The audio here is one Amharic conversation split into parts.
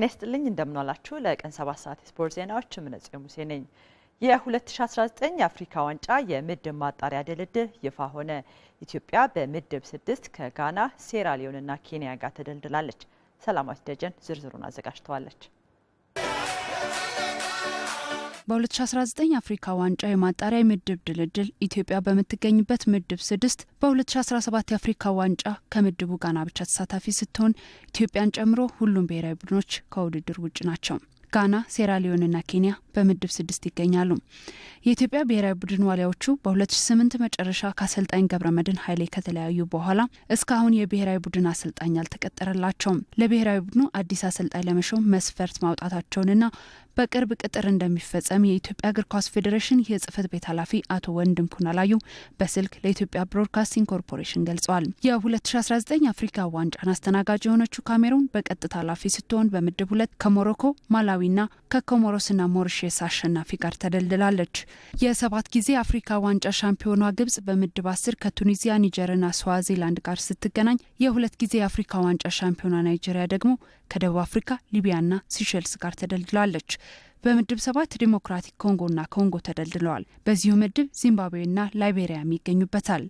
ጤና ይስጥልኝ እንደምናላችሁ። ለቀን 7 ሰዓት የስፖርት ዜናዎች ምንጽዮ ሙሴ ነኝ። የ2019 የአፍሪካ ዋንጫ የምድብ ማጣሪያ ድልድል ይፋ ሆነ። ኢትዮጵያ በምድብ ስድስት ከጋና ሴራሊዮንና ኬንያ ጋር ተደልድላለች። ሰላማዊት ደጀን ዝርዝሩን አዘጋጅተዋለች። በ2019 አፍሪካ ዋንጫ የማጣሪያ ምድብ ድልድል ኢትዮጵያ በምትገኝበት ምድብ ስድስት በ2017 የአፍሪካ ዋንጫ ከምድቡ ጋና ብቻ ተሳታፊ ስትሆን ኢትዮጵያን ጨምሮ ሁሉም ብሔራዊ ቡድኖች ከውድድር ውጭ ናቸው። ጋና፣ ሴራሊዮንና ኬንያ በምድብ ስድስት ይገኛሉ። የኢትዮጵያ ብሔራዊ ቡድን ዋሊያዎቹ በ2008 መጨረሻ ከአሰልጣኝ ገብረመድህን ኃይሌ ከተለያዩ በኋላ እስካሁን የብሔራዊ ቡድን አሰልጣኝ አልተቀጠረላቸውም። ለብሔራዊ ቡድኑ አዲስ አሰልጣኝ ለመሾም መስፈርት ማውጣታቸውንና በቅርብ ቅጥር እንደሚፈጸም የኢትዮጵያ እግር ኳስ ፌዴሬሽን የጽህፈት ቤት ኃላፊ አቶ ወንድም ኩናላዩ በስልክ ለኢትዮጵያ ብሮድካስቲንግ ኮርፖሬሽን ገልጸዋል። የ2019 አፍሪካ ዋንጫን አስተናጋጅ የሆነችው ካሜሩን በቀጥታ ኃላፊ ስትሆን በምድብ ሁለት ከሞሮኮ ማላ ና ከኮሞሮስና ሞሪሼስ አሸናፊ ጋር ተደልድላለች። የሰባት ጊዜ አፍሪካ ዋንጫ ሻምፒዮኗ ግብጽ በምድብ አስር ከቱኒዚያ ኒጀርና ስዋዚላንድ ጋር ስትገናኝ የሁለት ጊዜ የአፍሪካ ዋንጫ ሻምፒዮኗ ናይጄሪያ ደግሞ ከደቡብ አፍሪካ ሊቢያና ሲሸልስ ጋር ተደልድላለች። በምድብ ሰባት ዲሞክራቲክ ኮንጎና ኮንጎ ተደልድለዋል። በዚሁ ምድብ ዚምባብዌና ላይቤሪያም ይገኙበታል።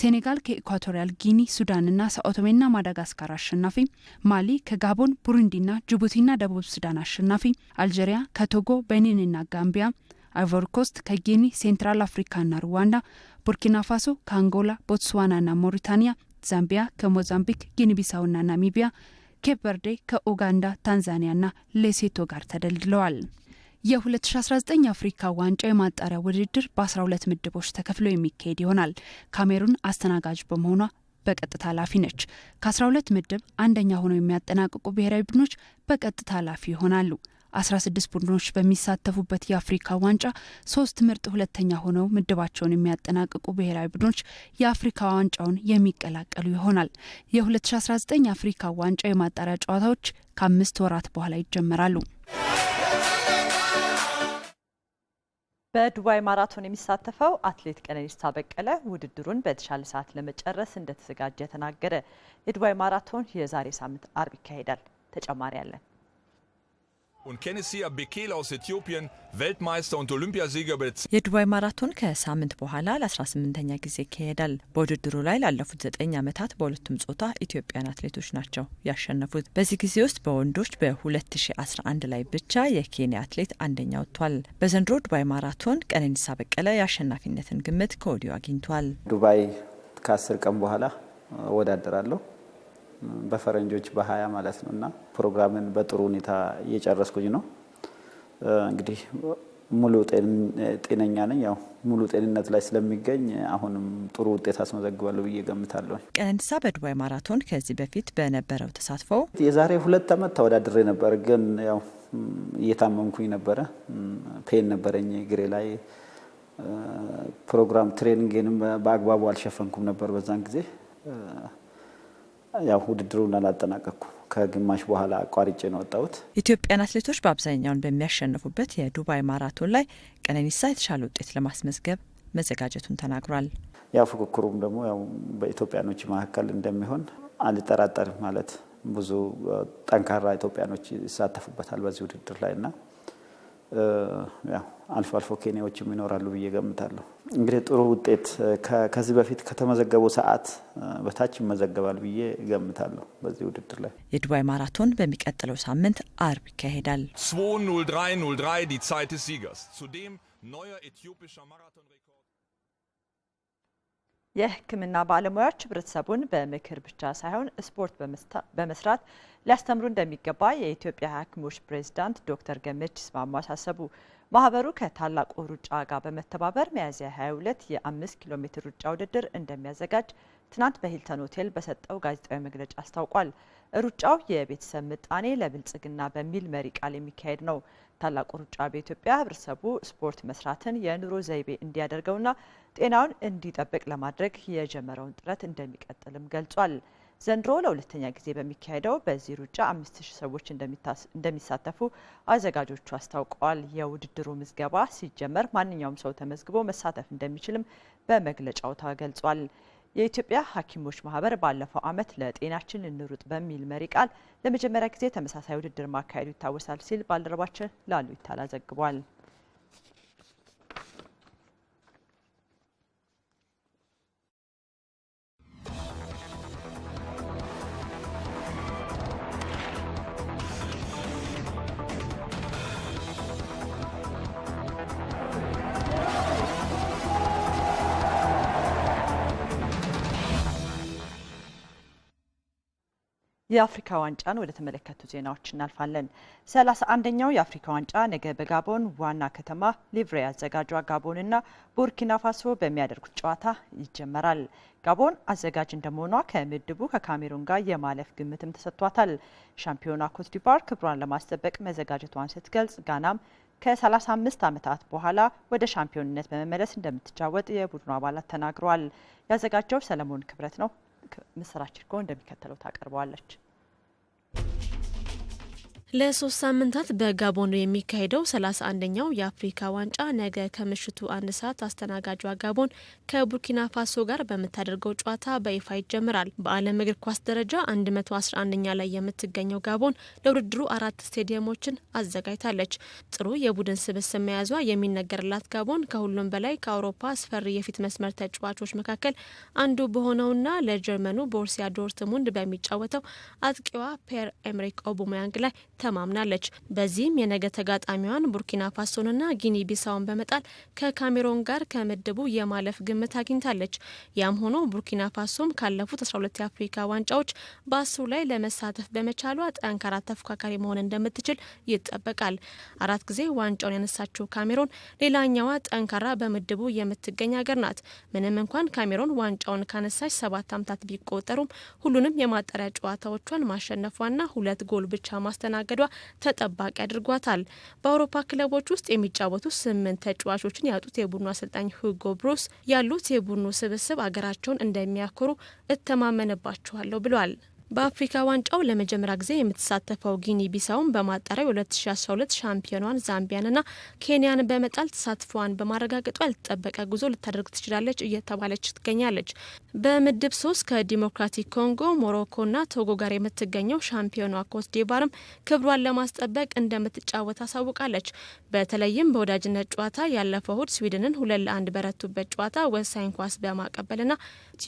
ሴኔጋል ከኢኳቶሪያል ጊኒ፣ ሱዳንና ሳኦቶሜና ማዳጋስካር አሸናፊ፣ ማሊ ከጋቦን፣ ቡሩንዲና ጅቡቲና ደቡብ ሱዳን አሸናፊ፣ አልጄሪያ ከቶጎ፣ ቤኒንና ጋምቢያ አይቮርኮስት ከጊኒ፣ ሴንትራል አፍሪካና ሩዋንዳ፣ ቡርኪና ፋሶ ከአንጎላ፣ ቦትስዋናና ሞሪታንያ፣ ዛምቢያ ከሞዛምቢክ፣ ጊኒቢሳውና ናሚቢያ፣ ኬፕ ቨርዴ ከኡጋንዳ፣ ታንዛኒያና ሌሴቶ ጋር ተደልድለዋል። የ2019 አፍሪካ ዋንጫ የማጣሪያ ውድድር በ12 ምድቦች ተከፍሎ የሚካሄድ ይሆናል። ካሜሩን አስተናጋጅ በመሆኗ በቀጥታ ኃላፊ ነች። ከ12 ምድብ አንደኛ ሆነው የሚያጠናቅቁ ብሔራዊ ቡድኖች በቀጥታ ኃላፊ ይሆናሉ። 16 ቡድኖች በሚሳተፉበት የአፍሪካ ዋንጫ ሶስት ምርጥ ሁለተኛ ሆነው ምድባቸውን የሚያጠናቅቁ ብሔራዊ ቡድኖች የአፍሪካ ዋንጫውን የሚቀላቀሉ ይሆናል። የ2019 አፍሪካ ዋንጫ የማጣሪያ ጨዋታዎች ከአምስት ወራት በኋላ ይጀመራሉ። በዱባይ ማራቶን የሚሳተፈው አትሌት ቀነኒሳ በቀለ ውድድሩን በተሻለ ሰዓት ለመጨረስ እንደተዘጋጀ ተናገረ። የዱባይ ማራቶን የዛሬ ሳምንት አርብ ይካሄዳል። ተጨማሪ አለን። und Kennesia Bekele aus Äthiopien, Weltmeister und Olympiasieger bei የዱባይ ማራቶን ከሳምንት በኋላ ለ18ኛ ጊዜ ይካሄዳል። በውድድሩ ላይ ላለፉት ዘጠኝ ዓመታት በሁለቱም ጾታ ኢትዮጵያን አትሌቶች ናቸው ያሸነፉት። በዚህ ጊዜ ውስጥ በወንዶች በ2011 ላይ ብቻ የኬንያ አትሌት አንደኛ ወጥቷል። በዘንድሮ ዱባይ ማራቶን ቀነኒሳ በቀለ የአሸናፊነትን ግምት ከወዲሁ አግኝቷል። ዱባይ ከአስር ቀን በኋላ እወዳደራለሁ በፈረንጆች በሀያ ማለት ነው እና ፕሮግራምን በጥሩ ሁኔታ እየጨረስኩኝ ነው። እንግዲህ ሙሉ ጤነኛ ነኝ። ያው ሙሉ ጤንነት ላይ ስለሚገኝ አሁንም ጥሩ ውጤት አስመዘግባለሁ ብዬ ገምታለሁ። ቀነኒሳ በዱባይ ማራቶን ከዚህ በፊት በነበረው ተሳትፎ የዛሬ ሁለት ዓመት ተወዳድሬ ነበር፣ ግን ያው እየታመምኩኝ ነበረ። ፔን ነበረኝ እግሬ ላይ። ፕሮግራም ትሬኒንግንም በአግባቡ አልሸፈንኩም ነበር በዛን ጊዜ ያው ውድድሩን አላጠናቀቅኩ ከግማሽ በኋላ አቋርጬ ነው ወጣሁት። ኢትዮጵያን አትሌቶች በአብዛኛውን በሚያሸንፉበት የዱባይ ማራቶን ላይ ቀነኒሳ የተሻለ ውጤት ለማስመዝገብ መዘጋጀቱን ተናግሯል። ያው ፉክክሩም ደግሞ ያው በኢትዮጵያኖች መካከል እንደሚሆን አልጠራጠርም። ማለት ብዙ ጠንካራ ኢትዮጵያኖች ይሳተፉበታል በዚህ ውድድር ላይ እና አልፎ አልፎ ኬንያዎችም ይኖራሉ ብዬ ገምታለሁ። እንግዲህ ጥሩ ውጤት ከዚህ በፊት ከተመዘገበው ሰዓት በታች ይመዘገባል ብዬ ገምታለሁ። በዚህ ውድድር ላይ የዱባይ ማራቶን በሚቀጥለው ሳምንት አርብ ይካሄዳል። ዲ የሕክምና ባለሙያዎች ህብረተሰቡን በምክር ብቻ ሳይሆን ስፖርት በመስራት ሊያስተምሩ እንደሚገባ የኢትዮጵያ ሐኪሞች ፕሬዝዳንት ዶክተር ገመች ይስማሙ አሳሰቡ። ማህበሩ ከታላቁ ሩጫ ጋር በመተባበር ሚያዝያ 22 የ5 ኪሎ ሜትር ሩጫ ውድድር እንደሚያዘጋጅ ትናንት በሂልተን ሆቴል በሰጠው ጋዜጣዊ መግለጫ አስታውቋል። ሩጫው የቤተሰብ ምጣኔ ለብልጽግና በሚል መሪ ቃል የሚካሄድ ነው። ታላቁ ሩጫ በኢትዮጵያ ህብረተሰቡ ስፖርት መስራትን የኑሮ ዘይቤ እንዲያደርገውና ጤናውን እንዲጠብቅ ለማድረግ የጀመረውን ጥረት እንደሚቀጥልም ገልጿል። ዘንድሮ ለሁለተኛ ጊዜ በሚካሄደው በዚህ ሩጫ አምስት ሺህ ሰዎች እንደሚሳተፉ አዘጋጆቹ አስታውቀዋል። የውድድሩ ምዝገባ ሲጀመር ማንኛውም ሰው ተመዝግቦ መሳተፍ እንደሚችልም በመግለጫው ተገልጿል። የኢትዮጵያ ሐኪሞች ማህበር ባለፈው ዓመት ለጤናችን እንሩጥ በሚል መሪ ቃል ለመጀመሪያ ጊዜ ተመሳሳይ ውድድር ማካሄዱ ይታወሳል ሲል ባልደረባችን ላሉ ይታላ ዘግቧል። የአፍሪካ ዋንጫን ወደ ተመለከቱ ዜናዎች እናልፋለን። ሰላሳ አንደኛው የአፍሪካ ዋንጫ ነገ በጋቦን ዋና ከተማ ሊቭሬ አዘጋጇ ጋቦንና ቡርኪና ፋሶ በሚያደርጉት ጨዋታ ይጀመራል። ጋቦን አዘጋጅ እንደመሆኗ ከምድቡ ከካሜሩን ጋር የማለፍ ግምትም ተሰጥቷታል። ሻምፒዮኗ ኮትዲቫር ክብሯን ለማስጠበቅ መዘጋጀቷን ስትገልጽ፣ ጋናም ከ35 ዓመታት በኋላ ወደ ሻምፒዮንነት በመመለስ እንደምትጫወጥ የቡድኑ አባላት ተናግረዋል። ያዘጋጀው ሰለሞን ክብረት ነው። ምስራች ድጎ እንደሚከተለው ታቀርበዋለች። ለሶስት ሳምንታት በጋቦን የሚካሄደው ሰላሳ አንደኛው የአፍሪካ ዋንጫ ነገ ከምሽቱ አንድ ሰዓት አስተናጋጇ ጋቦን ከቡርኪና ፋሶ ጋር በምታደርገው ጨዋታ በይፋ ይጀምራል። በዓለም እግር ኳስ ደረጃ 111ኛ ላይ የምትገኘው ጋቦን ለውድድሩ አራት ስቴዲየሞችን አዘጋጅታለች። ጥሩ የቡድን ስብስብ መያዟ የሚነገርላት ጋቦን ከሁሉም በላይ ከአውሮፓ አስፈሪ የፊት መስመር ተጫዋቾች መካከል አንዱ በሆነውና ለጀርመኑ ቦርሲያ ዶርትሙንድ በሚጫወተው አጥቂዋ ፔር ኤምሪክ ኦቡማያንግ ላይ ተማምናለች። በዚህም የነገ ተጋጣሚዋን ቡርኪና ፋሶንና ጊኒ ቢሳውን በመጣል ከካሜሮን ጋር ከምድቡ የማለፍ ግምት አግኝታለች። ያም ሆኖ ቡርኪና ፋሶም ካለፉት 12 የአፍሪካ ዋንጫዎች በአስሩ ላይ ለመሳተፍ በመቻሏ ጠንካራ ተፎካካሪ መሆን እንደምትችል ይጠበቃል። አራት ጊዜ ዋንጫውን ያነሳችው ካሜሮን ሌላኛዋ ጠንካራ በምድቡ የምትገኝ ሀገር ናት። ምንም እንኳን ካሜሮን ዋንጫውን ካነሳች ሰባት ዓመታት ቢቆጠሩም ሁሉንም የማጣሪያ ጨዋታዎቿን ማሸነፏና ሁለት ጎል ብቻ ማስተናገድ ማስተናገዷ ተጠባቂ አድርጓታል። በአውሮፓ ክለቦች ውስጥ የሚጫወቱ ስምንት ተጫዋቾችን ያጡት የቡድኑ አሰልጣኝ ሁጎ ብሩስ ያሉት የቡድኑ ስብስብ አገራቸውን እንደሚያኮሩ እተማመንባቸዋለሁ ብሏል። በአፍሪካ ዋንጫው ለመጀመሪያ ጊዜ የምትሳተፈው ጊኒ ቢሳውን በማጣሪያው 2012 ሻምፒዮኗን ዛምቢያንና ኬንያን በመጣል ተሳትፎዋን በማረጋገጡ ያልተጠበቀ ጉዞ ልታደርግ ትችላለች እየተባለች ትገኛለች። በምድብ ሶስት ከዲሞክራቲክ ኮንጎ፣ ሞሮኮና ቶጎ ጋር የምትገኘው ሻምፒዮኗ ኮትዲቯርም ክብሯን ለማስጠበቅ እንደምትጫወት አሳውቃለች። በተለይም በወዳጅነት ጨዋታ ያለፈው እሁድ ስዊድንን ሁለት ለአንድ በረቱበት ጨዋታ ወሳኝ ኳስ በማቀበልና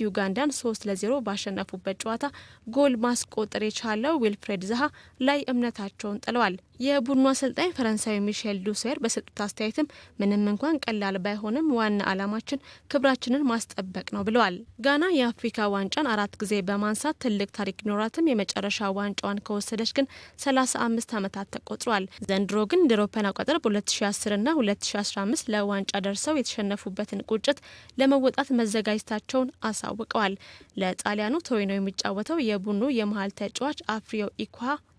ዩጋንዳን ሶስት ለዜሮ ባሸነፉበት ጨዋታ ጎል ማስቆጠር የቻለው ዊልፍሬድ ዛሃ ላይ እምነታቸውን ጥለዋል። የቡድኑ አሰልጣኝ ፈረንሳዊ ሚሼል ዱሴር በሰጡት አስተያየትም ምንም እንኳን ቀላል ባይሆንም ዋና ዓላማችን ክብራችንን ማስጠበቅ ነው ብለዋል። ጋና የአፍሪካ ዋንጫን አራት ጊዜ በማንሳት ትልቅ ታሪክ ቢኖራትም የመጨረሻ ዋንጫዋን ከወሰደች ግን 35 ዓመታት ተቆጥሯል። ዘንድሮ ግን እንደ አውሮፓውያን አቆጣጠር በ2010 እና 2015 ለዋንጫ ደርሰው የተሸነፉበትን ቁጭት ለመወጣት መዘጋጀታቸውን አሳውቀዋል። ለጣሊያኑ ቶሪኖ የሚጫወተው የቡ የመሀል ተጫዋች አፍሪዮ ኢኳ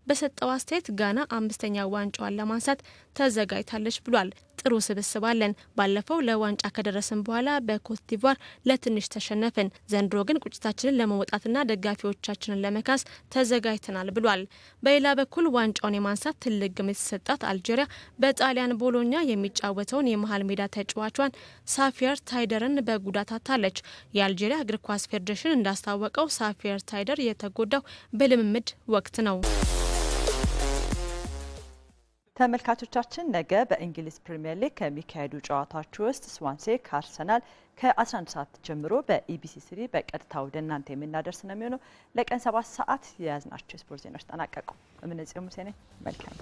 በሰጠው አስተያየት ጋና አምስተኛ ዋንጫዋን ለማንሳት ተዘጋጅታለች ብሏል። ጥሩ ስብስብ አለን። ባለፈው ለዋንጫ ከደረስን በኋላ በኮትዲቫር ለትንሽ ተሸነፍን። ዘንድሮ ግን ቁጭታችንን ለመውጣትና ደጋፊዎቻችንን ለመካስ ተዘጋጅተናል ብሏል። በሌላ በኩል ዋንጫውን የማንሳት ትልቅ ግምት የተሰጣት አልጄሪያ በጣሊያን ቦሎኛ የሚጫወተውን የመሀል ሜዳ ተጫዋቿን ሳፊየር ታይደርን በጉዳት አታለች። የአልጄሪያ እግር ኳስ ፌዴሬሽን እንዳስታወቀው ሳፊየር ታይደር የተጎዳው በልምምድ ወቅት ነው። ተመልካቾቻችን ነገ በእንግሊዝ ፕሪምየር ሊግ ከሚካሄዱ ጨዋታዎች ውስጥ ስዋንሴ ከአርሰናል ከ11 ሰዓት ጀምሮ በኢቢሲ ስሪ በቀጥታ ወደ እናንተ የምናደርስ ነው የሚሆነው። ለቀን ሰባት ሰዓት የያዝናቸው የስፖርት ዜናዎች ጠናቀቁ። እምነጽዮን ሙሴ ነኝ። መልካም